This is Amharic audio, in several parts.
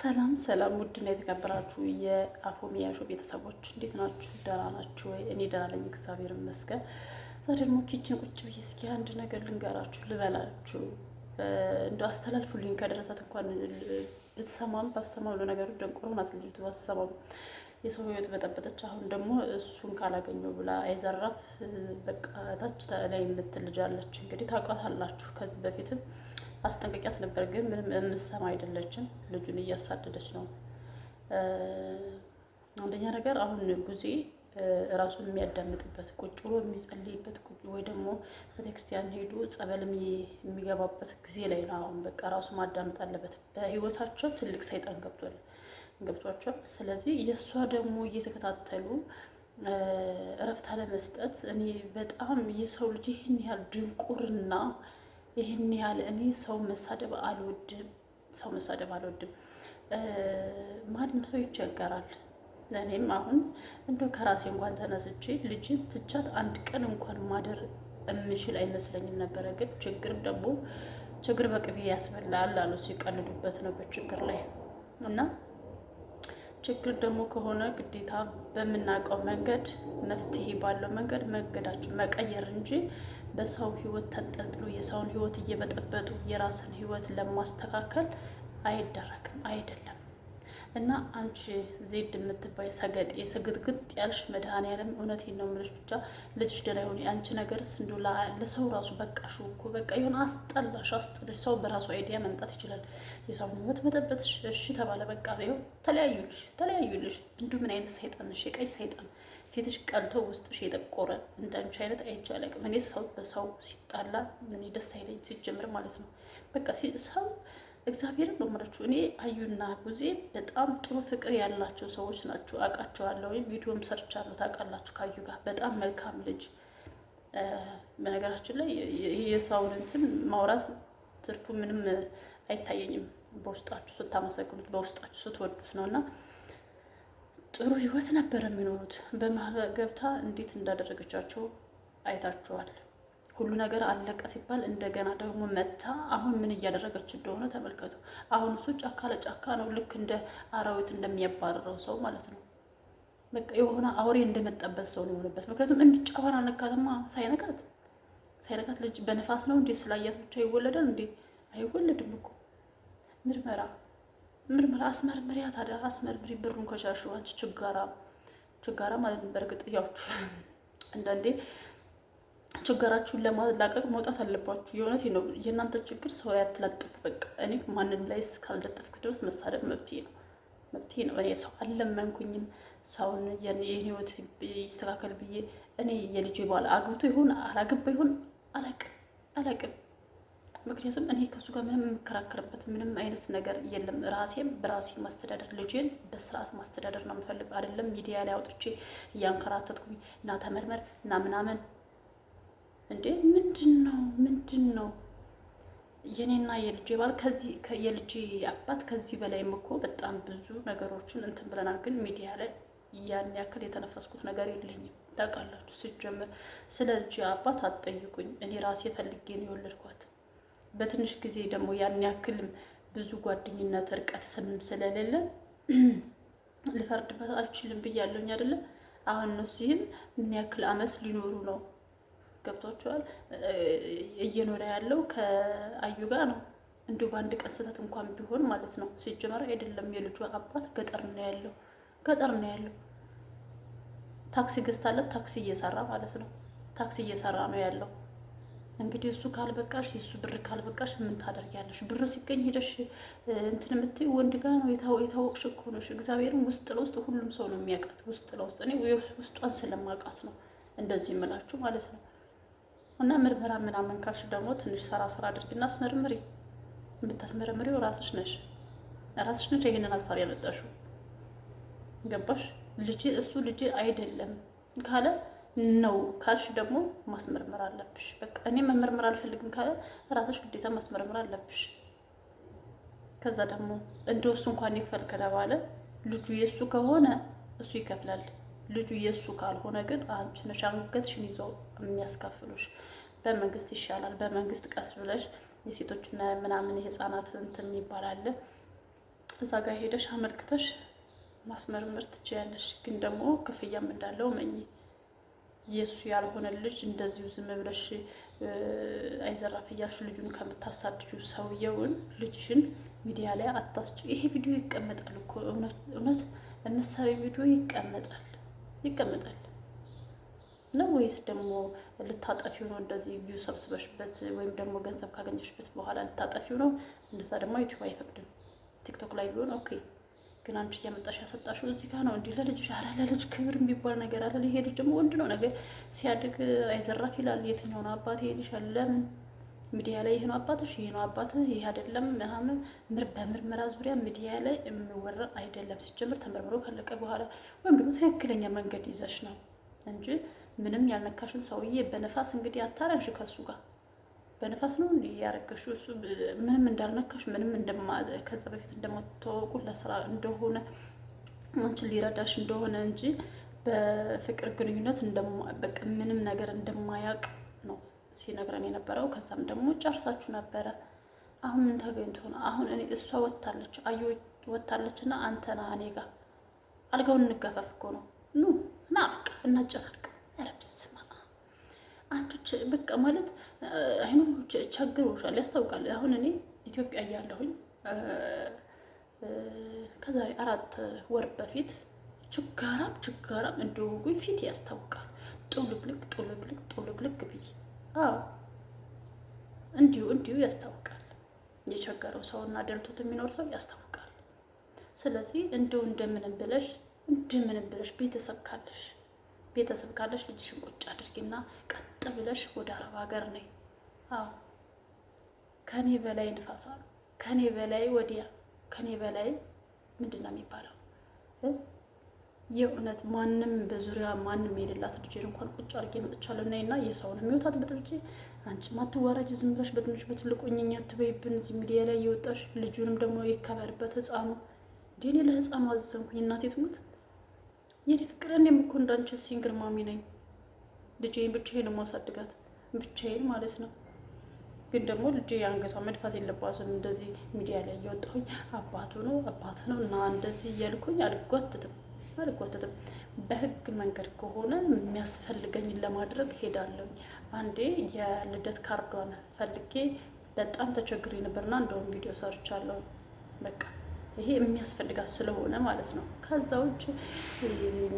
ሰላም ሰላም፣ ውድና የተከበራችሁ የአፎሚያ ሾ ቤተሰቦች እንዴት ናችሁ? ደህና ናችሁ ወይ? እኔ ደህና ነኝ፣ እግዚአብሔር ይመስገን። ዛሬ ደግሞ ኪችን ቁጭ ብዬ እስኪ አንድ ነገር ልንገራችሁ፣ ልበላችሁ፣ እንደ አስተላልፉልኝ። ከደረሳት እንኳን ብትሰማም ባትሰማም፣ ለነገሩ ደንቆሮ ናት ልጅቱ፣ ባትሰማም የሰው ህይወት በጠበጠች። አሁን ደግሞ እሱን ካላገኘው ብላ አይዘራፍ በቃ ታች ላይ የምትልጃለች። እንግዲህ ታውቃታላችሁ ከዚህ በፊትም አስጠንቀቂያት ነበር፣ ግን ምንም የምሰማ አይደለችም። ልጁን እያሳደደች ነው። አንደኛ ነገር አሁን ጉዜ ራሱን የሚያዳምጥበት ቁጭ ብሎ የሚጸልይበት ወይ ደግሞ ቤተክርስቲያን ሄዶ ጸበል የሚገባበት ጊዜ ላይ ነው። አሁን በቃ ራሱ ማዳመጥ አለበት። በህይወታቸው ትልቅ ሰይጣን ገብቷል ገብቷቸዋል። ስለዚህ የእሷ ደግሞ እየተከታተሉ እረፍት አለመስጠት እኔ በጣም የሰው ልጅ ይህን ያህል ድንቁርና ይህን ያህል እኔ ሰው መሳደብ አልወድም፣ ሰው መሳደብ አልወድም። ማንም ሰው ይቸገራል። እኔም አሁን እንደ ከራሴ እንኳን ተነስቼ ልጅን ትቻት አንድ ቀን እንኳን ማደር የምችል አይመስለኝም ነበረ። ግን ችግር ደግሞ ችግር በቅቤ ያስበላል አሉ ሲቀልዱበት ነው በችግር ላይ እና ችግር ደግሞ ከሆነ ግዴታ በምናውቀው መንገድ መፍትሄ ባለው መንገድ መንገዳችን መቀየር እንጂ በሰው ህይወት ተንጠልጥሎ የሰውን ህይወት እየበጠበጡ የራስን ህይወት ለማስተካከል አይደረግም አይደለም። እና አንቺ ዜድ የምትባይ ሰገጤ ስግጥግጥ ያልሽ መድኃኔዓለም እውነቴን ነው የምልሽ። ብቻ ልጅሽ ደህና ይሁን። የአንቺ ነገርስ እንዲሁ ለሰው ራሱ በቃ እኮ በቃ የሆነ አስጠላሽ፣ አስጠላሽ። ሰው በራሱ አይዲያ መምጣት ይችላል። የሰው ህይወት መጠበጥሽ እሺ ተባለ፣ በቃ ይኸው ተለያዩልሽ፣ ተለያዩልሽ። እንዲሁ ምን አይነት ሰይጣን ነሽ! የቀይ ሰይጣን ፊትሽ ቀልቶ ውስጥሽ የጠቆረ እንዳንቺ አይነት አይቼ አላውቅም። እኔ ሰው በሰው ሲጣላ እኔ ደስ አይለኝ ሲጀምር ማለት ነው። በቃ ሰው እግዚአብሔርን ነው የምላችሁ። እኔ አዩና ጉዜ በጣም ጥሩ ፍቅር ያላቸው ሰዎች ናቸው። አውቃቸዋለሁ፣ ወይም ቪዲዮም ሰርቻለሁ። ታውቃላችሁ፣ ካዩ ጋር በጣም መልካም ልጅ። በነገራችን ላይ የሰውን እንትን ማውራት ትርፉ ምንም አይታየኝም። በውስጣችሁ ስታመሰግኑት፣ በውስጣችሁ ስትወዱት ነው እና ጥሩ ህይወት ነበር የሚኖሩት። በማህበር ገብታ እንዴት እንዳደረገቻቸው አይታችኋል። ሁሉ ነገር አለቀ ሲባል እንደገና ደግሞ መታ አሁን ምን እያደረገች እንደሆነ ተመልከቱ። አሁን እሱ ጫካ ለጫካ ነው፣ ልክ እንደ አራዊት እንደሚያባረረው ሰው ማለት ነው። በቃ የሆነ አውሬ እንደመጣበት ሰው ነው የሆነበት። ምክንያቱም ጫፋን አልነካትማ፣ ሳይነካት ሳይነካት ልጅ በነፋስ ነው እንዴ ስላያት ብቻ ይወለዳል እንዴ? አይወለድም እኮ ምርመራ ምርመራ አስመርምሪያ ታዲያ አስመርምሪ ብሩን ከሻሹ አንቺ ችጋራ ችጋራ ማለት ነው በእርግጥ ያችሁ አንዳንዴ ችግራችሁን ለማላቀቅ መውጣት አለባችሁ። የእውነት ነው የእናንተ ችግር ሰው ያትለጥፍ። በቃ እኔ ማንም ላይ እስካልለጠፍክ ድረስ መሳደብ መብቴ ነው መብቴ ነው። እኔ ሰው አልለመንኩኝም። ሰውን የህይወት ይስተካከል ብዬ እኔ የልጅ ባል አግብቶ ይሁን አላገባ ይሁን አላቅም አላቅም ምክንያቱም እኔ ከሱ ጋር ምንም የምከራከርበት ምንም አይነት ነገር የለም። ራሴም በራሴ ማስተዳደር ልጄን በስርዓት ማስተዳደር ነው የምፈልግ። አይደለም ሚዲያ ላይ አውጥቼ እያንከራተትኩኝ እና ተመርመር እና ምናምን እንዴ ምንድን ነው ምንድን ነው? የኔና የልጄ ባል ከዚህ የልጄ አባት ከዚህ በላይም እኮ በጣም ብዙ ነገሮችን እንትን ብለናል፣ ግን ሚዲያ ላይ ያን ያክል የተነፈስኩት ነገር የለኝም። ታውቃላችሁ፣ ስጀምር ስለ ልጄ አባት አትጠይቁኝ። እኔ ራሴ ፈልጌ ነው የወለድኳት። በትንሽ ጊዜ ደግሞ ያን ያክልም ብዙ ጓደኝነት እርቀት ስምም ስለሌለ ልፈርድበት አልችልም ብያለሁኝ አይደለም። አሁን ነው ሲህም ምን ያክል አመት ሊኖሩ ነው ገብቷቸዋል። እየኖረ ያለው ከአዩ ጋር ነው። እንዲሁ በአንድ ቀን ስህተት እንኳን ቢሆን ማለት ነው። ሲጀመር አይደለም የልጇ አባት ገጠር ነው ያለው፣ ገጠር ነው ያለው። ታክሲ ገዝታለት ታክሲ እየሰራ ማለት ነው። ታክሲ እየሰራ ነው ያለው። እንግዲህ እሱ ካልበቃሽ የእሱ ብር ካልበቃሽ ምን ታደርጊያለሽ? ብር ሲገኝ ሄደሽ እንትን የምትይው ወንድ ጋር ነው። የታወቅሽ እኮ ነሽ። እግዚአብሔርን ውስጥ ለውስጥ ሁሉም ሰው ነው የሚያውቃት። ውስጥ ለውስጥ እኔ ውስጧን ስለማውቃት ነው እንደዚህ የምላችሁ ማለት ነው። እና ምርመራ ምናምን ካልሽ ደግሞ ትንሽ ሰራ ሰራ አድርግና አስመርምሪ። የምታስመረምሪው ራስሽ ነሽ፣ ራስሽ ነሽ ይህንን ሀሳብ ያመጣሽው። ገባሽ? ልጄ እሱ ልጄ አይደለም ካለ ነው ካልሽ ደግሞ ማስመርመር አለብሽ። በቃ እኔ መመርመር አልፈልግም ካለ ራስሽ ግዴታ ማስመርመር አለብሽ። ከዛ ደግሞ እንደሱ እንኳን ይክፈል ከተባለ ልጁ የእሱ ከሆነ እሱ ይከፍላል። ልጁ የእሱ ካልሆነ ግን አንቺ ነሽ አንገትሽን ይዘው የሚያስከፍሉሽ። በመንግስት ይሻላል። በመንግስት ቀስ ብለሽ የሴቶችና ምናምን የህፃናት እንትን ይባላል። እዛ ጋር ሄደሽ አመልክተሽ ማስመርመር ትችያለሽ። ግን ደግሞ ክፍያም እንዳለው መኝ የእሱ ያልሆነ ልጅ እንደዚሁ ዝም ብለሽ አይዘራፍ እያልሽ ልጁን ከምታሳድጁ ሰውየውን ልጅሽን ሚዲያ ላይ አታስጩ። ይሄ ቪዲዮ ይቀመጣል እኮ እውነት የምትሰሪ ቪዲዮ ይቀመጣል ይቀመጣል ነው ወይስ ደግሞ ልታጠፊው ነው? እንደዚህ ቪዩ ሰብስበሽበት ወይም ደግሞ ገንዘብ ካገኘሽበት በኋላ ልታጠፊው ነው? እንደዛ ደግሞ ዩቱብ አይፈቅድም። ቲክቶክ ላይ ቢሆን ኦኬ ግን አንቺ እያመጣሽ ያሰጣሽው እዚህ ጋር ነው። እንዲህ ለልጅሽ ኧረ ለልጅ ክብር የሚባል ነገር አለ። ይሄ ልጅ ደግሞ ወንድ ነው፣ ነገር ሲያድግ አይዘራፍ ይላል። የትኛው ነው አባት ይልሻል። ለምን ሚዲያ ላይ ይሄ ነው አባትሽ፣ ይሄ ነው አባትህ፣ ይሄ አይደለም ምናምን። በምርመራ ዙሪያ ሚዲያ ላይ የሚወራ አይደለም። ሲጀምር ተመርምሮ ካለቀ በኋላ ወይም ደግሞ ትክክለኛ መንገድ ይዘሽ ነው እንጂ ምንም ያልነካሽን ሰውዬ በነፋስ እንግዲህ አታረንሽ ከሱ ጋር በነፋስ ነው እንዲህ ያረገሽው እሱ ምንም እንዳልነካሽ ምንም እንደማ ከዛ በፊት እንደማትተዋወቁ ለስራ እንደሆነ አንቺን ሊረዳሽ እንደሆነ እንጂ በፍቅር ግንኙነት በቃ ምንም ነገር እንደማያውቅ ነው ሲነግረን የነበረው። ከዛም ደግሞ ጨርሳችሁ ነበረ። አሁን ምን ተገኝቶ ነው? አሁን እኔ እሷ ወታለች አዩ ወታለች እና አንተ ና እኔ ጋር አልጋውን እንጋፈፍ እኮ ነው ኑ ናቅ እናጨታልቅ ረብስማ አንቺ በቃ ማለት አይኖ ቸግሮሻል፣ ያስታውቃል። አሁን እኔ ኢትዮጵያ እያለሁኝ ከዛሬ አራት ወር በፊት ችጋራም ችጋራም እንደሆንኩኝ ፊት ያስታውቃል። ጡልግልግ ጡልግልግ ጡልግልግ ብዬ እንዲሁ እንዲሁ ያስታውቃል። የቸገረው ሰውና ደልቶት የሚኖር ሰው ያስታውቃል። ስለዚህ እንደው እንደምንም ብለሽ እንደምንም ብለሽ ቤተሰብ ካለሽ ቤተሰብ ካለሽ ልጅሽን ቁጭ አድርጊና ቀጥ ብለሽ ወደ አረብ ሀገር ነይ። አዎ ከኔ በላይ ንፋሳ ከኔ በላይ ወዲያ ከኔ በላይ ምንድን ነው የሚባለው? የእውነት ማንም በዙሪያ ማንም የሌላት ልጅ እንኳን ቁጭ አድርጌ መጥቻለሁ እና እና የሰውን የሚወታት አትበጥብጪ። አንቺ ማትዋረጅ ዝም ብለሽ በትንሽ በትልቁ እኝኛ ትበይብን እዚህ ሚዲያ ላይ የወጣሽ ልጁንም ደግሞ ይከበርበት ህፃኑ እንዲህ እኔ ለህፃኑ አዘንኩኝ እናቴ ትሙት የኔ ፍቅር፣ እኔም እኮ እንዳንቺ ሲንግል ማሚ ነኝ። ልጄን ብቻዬን የማሳድጋት ብቻዬን ማለት ነው። ግን ደግሞ ልጄ አንገቷ መድፋት የለባትም። እንደዚህ ሚዲያ ላይ እየወጣሁኝ አባቱ ነው አባት ነው እና እንደዚህ እያልኩኝ አልጓትትም አልጓትትም። በህግ መንገድ ከሆነ የሚያስፈልገኝን ለማድረግ ሄዳለሁ። አንዴ የልደት ካርዷን ፈልጌ በጣም ተቸግሬ ነበርና እንደውም ቪዲዮ ሰርቻለሁ። በቃ ይሄ የሚያስፈልጋት ስለሆነ ማለት ነው ከዛ ውጭ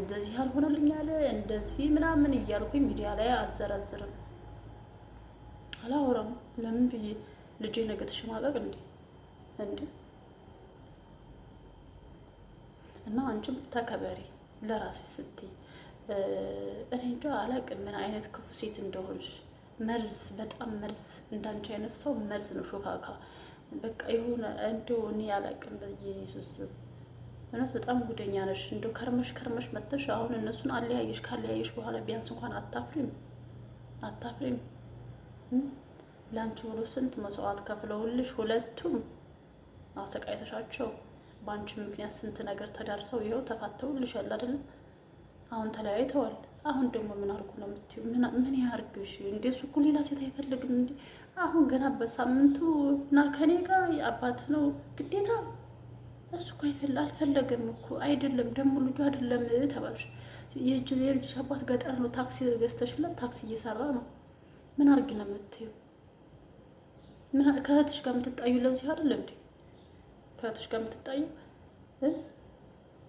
እንደዚህ አልሆነልኝ አለ እንደዚህ ምናምን እያልኩኝ ሚዲያ ላይ አልዘረዝርም አላወራም። ለምን ብዬ ልጄ ነገ ተሸማቀቅ እንዴ እንዴ እና አንቺም ተከበሪ ለራሴ ስትይ እኔ እንጃ አላውቅም ምን አይነት ክፉ ሴት እንደሆንሽ መርዝ በጣም መርዝ እንዳንቺ አይነት ሰው መርዝ ነው ሾካካ በቃ የሆነ እንደው እኔ አላውቅም በኢየሱስ እውነት በጣም ጉደኛ ነሽ። እንደው ከርመሽ ከርመሽ መተሽ አሁን እነሱን አለያየሽ። ካለያየሽ በኋላ ቢያንስ እንኳን አታፍሪም አታፍሪም? ለአንቺ ብሎ ስንት መስዋዕት ከፍለውልሽ ሁለቱም አሰቃይተሻቸው በአንቺ ምክንያት ስንት ነገር ተዳርሰው ይኸው ተፋተውልሻል አይደለም? አሁን ተለያይተዋል። አሁን ደግሞ ምን አርጉ ነው የምትይው? ምን ያርግሽ እንዴ? እሱ እኮ ሌላ ሴት አይፈልግም እንዴ? አሁን ገና በሳምንቱ ና ከኔ ጋር የአባት ነው ግዴታ እሱ እኮ አልፈለገም እኮ አይደለም ደግሞ ልጁ አይደለም ተባልሽ። የልጅ አባት ገጠር ነው። ታክሲ ገዝተሽለት ታክሲ እየሰራ ነው። ምን አድርጊ ነው የምትይው? ከእህትሽ ጋር የምትጣዩ ለዚህ አይደለ እንዴ? ከእህትሽ ጋር የምትጣዩ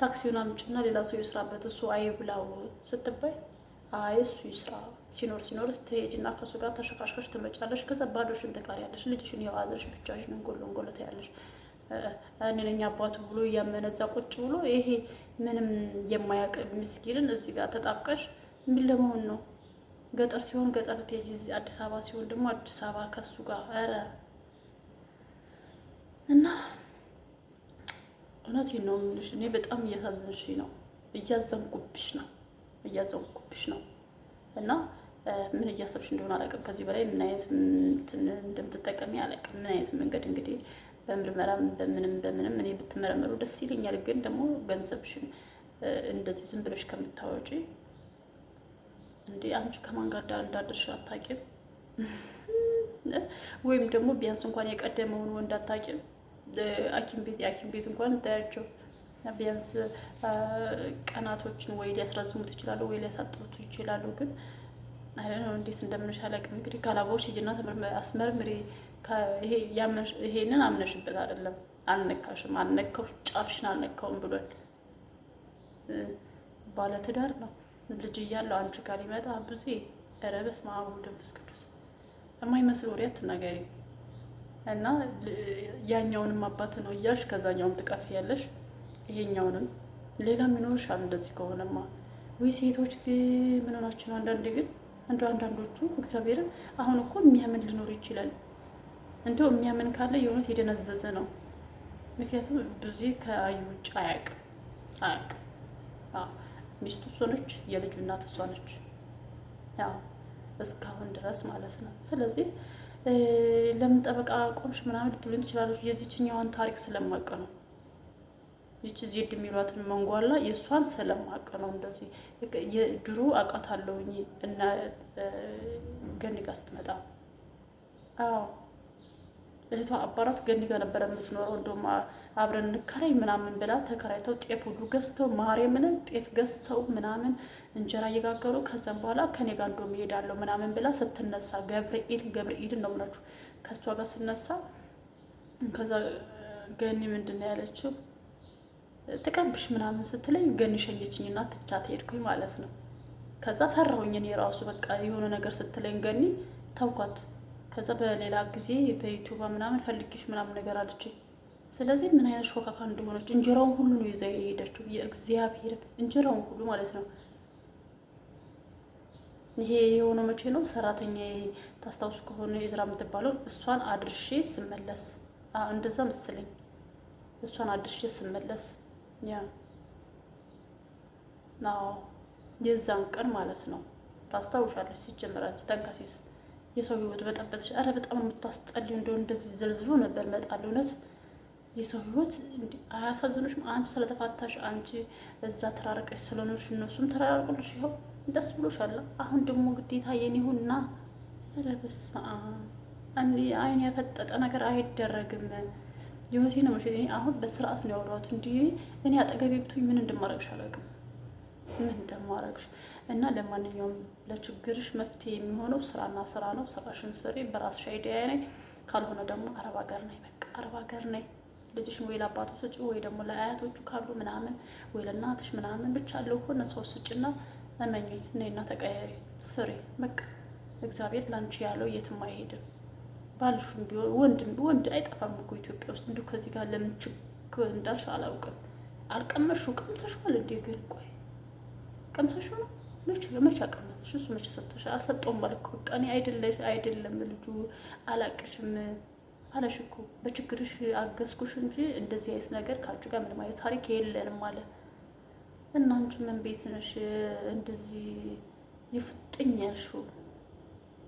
ታክሲውን አምጭና ሌላ ሰው ይስራበት እሱ አይ ብላው ስትባይ አይ እሱ ይስራ ሲኖር ሲኖር ትሄጂና ከእሱ ጋር ተሸካሽከሽ ትመጫለሽ። ከዛ ባዶሽን ትቀሪያለሽ። ልጅሽን የዋዘሽ ብቻሽን እንጎሎ እንጎሎ ትያለሽ። እኔ ነኝ አባቱ ብሎ እያመነዛ ቁጭ ብሎ ይሄ ምንም የማያውቅ ምስኪንን እዚህ ጋር ተጣብቀሽ ምን ለመሆን ነው? ገጠር ሲሆን ገጠር ትሄጂ፣ አዲስ አበባ ሲሆን ደግሞ አዲስ አበባ ከሱ ጋር ኧረ እና እውነቴን ነው የምልሽ፣ እኔ በጣም እያሳዘንሽ ነው፣ እያዘንኩብሽ ነው፣ እያዘንኩብሽ ነው። እና ምን እያሰብሽ እንደሆነ አላውቅም። ከዚህ በላይ ምን አይነት እንደምትጠቀሚ አላውቅም። ምን አይነት መንገድ እንግዲህ በምርመራም በምንም በምንም እኔ ብትመረመሩ ደስ ይለኛል። ግን ደግሞ ገንዘብሽን እንደዚህ ዝም ብለሽ ከምታወጪ እንዴ አንቺ ከማን ጋር እንዳደርሽ አታውቂም፣ ወይም ደግሞ ቢያንስ እንኳን የቀደመውን ወንድ አታውቂም። ሐኪም ቤት የሐኪም ቤት እንኳን እንታያቸው ቢያንስ ቀናቶችን ወይ ሊያስራዝሙት ይችላሉ፣ ወይ ሊያሳጥሩት ይችላሉ። ግን አይ ነው እንዴት እንደምንሽ እንግዲህ ካላቦች ሂጂና አስመርምሬ ይሄንን አምነሽበት አይደለም አልነካሽም፣ አልነካው ጫፍሽን አልነካውም ብሏል። ባለትዳር ነው። ልጅ እያለው አንቺ ጋር ሊመጣ ብዙ ኧረ በስመ አብ ወመንፈስ ቅዱስ የማይመስል ወሬ አትናገሪ እና ያኛውንም አባት ነው እያልሽ ከዛኛውም ትቀፍ ያለሽ ይሄኛውንም ሌላም ይኖርሻል። እንደዚህ ከሆነማ ወይ ሴቶች ምን ሆናችሁ አንዳንዴ ግን እንደው አንዳንዶቹ እግዚአብሔርን አሁን እኮ የሚያምን ሊኖር ይችላል እንደው የሚያምን ካለ የሆነት የደነዘዘ ነው። ምክንያቱም ብዙ ከአዩ ውጭ አያውቅም አያውቅም። ሚስቱ እሷ ነች፣ የልጁ እናት እሷ ነች። ያው እስካሁን ድረስ ማለት ነው። ስለዚህ ለምን ጠበቃ ቆምሽ ምናምን ልትሉኝ ትችላለች። የዚችኛዋን ታሪክ ስለማውቅ ነው። ይች ዜድ የሚሏትን መንጓላ የእሷን ስለማውቅ ነው። እንደዚህ ድሮ አውቃታለሁኝ እና ገኒ ጋር ስትመጣ አዎ እህቷ አባራት ገኒ ጋር ነበረ የምትኖረው። እንደውም አብረን እንከራይ ምናምን ብላ ተከራይተው ጤፍ ሁሉ ገዝተው ማርያምን ጤፍ ገዝተው ምናምን እንጀራ እየጋገሩ ከዛም በኋላ ከኔ ጋር እንደውም ይሄዳለሁ ምናምን ብላ ስትነሳ ገብርኤል ገብርኤል ነው ምላችሁ ከእሷ ጋር ስነሳ ከዛ ገኒ ምንድን ነው ያለችው ጥቀብሽ ምናምን ስትለኝ ገኒ እና ትቻት ሄድኩኝ ማለት ነው። ከዛ ፈራሁኝ እኔ ራሱ በቃ የሆነ ነገር ስትለኝ ገኒ ተውኳት። ከዛ በሌላ ጊዜ በዩቱብ ምናምን ፈልጊሽ ምናምን ነገር አለችኝ። ስለዚህ ምን አይነት ሾካካ እንደሆነች እንጀራውን ሁሉ ነው ይዛ የሄደችው። የእግዚአብሔር እንጀራውን ሁሉ ማለት ነው። ይሄ የሆነው መቼ ነው? ሰራተኛ ታስታውሱ ከሆነ የዝራ የምትባለው እሷን አድርሼ ስመለስ እንደዛ መሰለኝ። እሷን አድርሼ ስመለስ ያ የዛን ቀን ማለት ነው ታስታውሻለች። ሲጀምራች ጠንካሲስ የሰው ህይወት በጠበጥሽ። አረ በጣም የምታስጠልኝ። እንደው እንደዚህ ዘልዝሎ ነበር መጣል። እውነት የሰው ህይወት አያሳዝኖችም? አንቺ ስለተፋታሽ፣ አንቺ እዛ ተራርቀሽ ስለኖርሽ እነሱም ተራርቁልሽ፣ ይኸው ደስ ብሎሻል። አሁን ደግሞ ግዴታ የኔ ይሁንና አረ በስመ አብ አይን ያፈጠጠ ነገር አይደረግም። የሆቴ ነው። አሁን በስርዓት ነው ያወራሁት እንጂ እኔ አጠገቤ ብትሆኝ ምን እንደማደርግሽ አላውቅም። ምን እንደማረግሽ እና ለማንኛውም ለችግርሽ መፍትሄ የሚሆነው ስራና ስራ ነው። ስራሽን ስሪ፣ በራስሽ አይዲያ ነኝ። ካልሆነ ደግሞ አረብ ሀገር ነኝ፣ በቃ አረብ ሀገር ነኝ። ልጅሽን ወይ ለአባቱ ስጭ፣ ወይ ደግሞ ለአያቶቹ ካሉ ምናምን፣ ወይ ለእናትሽ ምናምን፣ ብቻ ለሆነ ሰው ስጭና እመኝ እኔና ተቀያሪ ስሪ። በቃ እግዚአብሔር ላንቺ ያለው የትም አይሄድም። ባልሹም ቢሆን ወንድም ወንድ አይጠፋም እኮ ኢትዮጵያ ውስጥ እንዲሁ ከዚህ ጋር ለምን ችግር እንዳልሽ አላውቅም። አልቀመሹ ቀምሰሽዋል እንዴ ግን ቆይ ቀምሰሽ ነው መቼ መቼ አቀመሰሽ? እሱ መቼ ሰጥቶሽ? አልሰጠውም ባልኩ በቃ እኔ አይደለሽ አይደለም ልጁ አላቅሽም አለሽ እኮ በችግርሽ አገዝኩሽ እንጂ እንደዚህ አይነት ነገር ከአንቺ ጋር ምንም አይነት ታሪክ የለንም አለ እና አንቺ ምን ቤት ነሽ እንደዚህ ይፍጥኝ ያልሽው?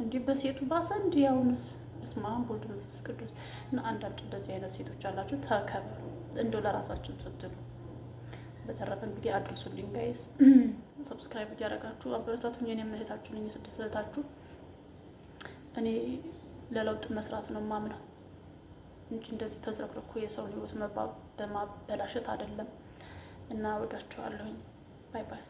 እንዲህ በሴቱ ባሰ እንዲ ያሁንስ እስማም ቦልድ መንፈስ ቅዱስ እና አንዳንድ እንደዚህ አይነት ሴቶች አላችሁ፣ ተከበሩ እንደው ለራሳችን ስትሉ። በተረፈ እንግዲህ አድርሱልኝ ጋይስ ሰብስክራይብ እያደረጋችሁ አበረታቱኝ። እኔ እህታችሁ ነኝ፣ የስደት እህታችሁ። እኔ ለለውጥ መስራት ነው ማምነው እንጂ እንደዚህ ተዝረክርኩ የሰውን ህይወት መባብ በማበላሸት አይደለም። እና ወዳችኋለሁኝ። ባይ ባይ።